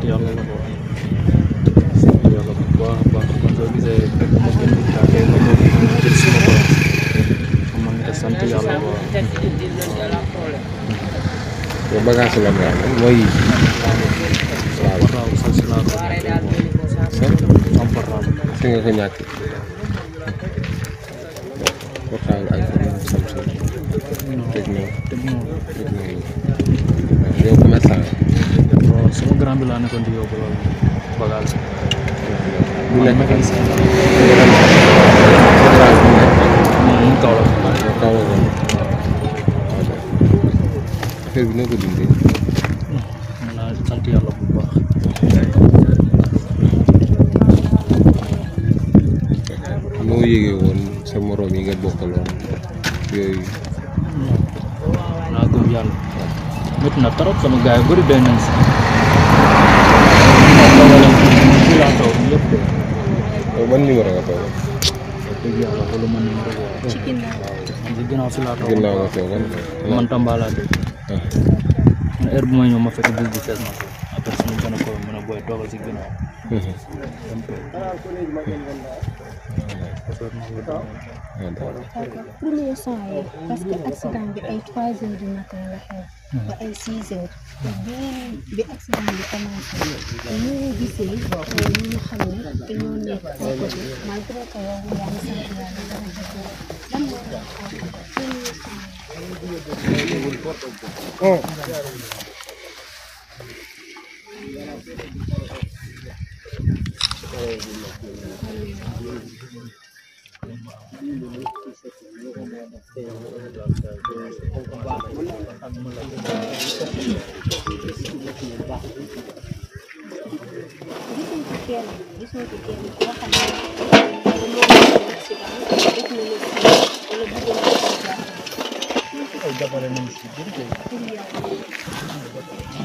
sant yàlla la ko sant yàlla bu baax a baax man soo gisee fekk ma gën di tàkkee ma ñëw jël suma borom man nga sant yàlla bu baax yow bagage la nga am mooy waaw waaw sax si laa ko am portable si nga ko ñàkk portable ak Samsung Tecno Tecno yow commerçant bon sama grand bi laa nekkoon di yóbbu loolu bagage bi. bu leen mécanicien bi. moom kaw la. kaw la woon. affaire bi noo ko dundee. mën hmm, naa sant yàlla bu baax. noo yëgee woon sa morom yi nga bokkaloon yooyu. naa hmm, gëm yàlla. métti na trop sama gars yu bëri doy si fii laa toog yëpp de. toog. wax man numéro boobu. ci ginnaaw man ci ginnaaw si laa toog. ginnaaw man Tamba laa dégg. Ah. man bu may ñëw ma fekk bés bu fees ma toog après suñu gën a ko mën a booy toogal premier saa yi parce que accident bi ay trois heures du matin la xew ba ay six heures te bi bi accident bi commencé ñu ngi gisee ñu nga xam ne dañoo nekk foo ko ci malgré que yow yaa ngi sant yàlla dara gisoo lan moo la premier saa yi Thank you. Ay, dapat naman si Jericho.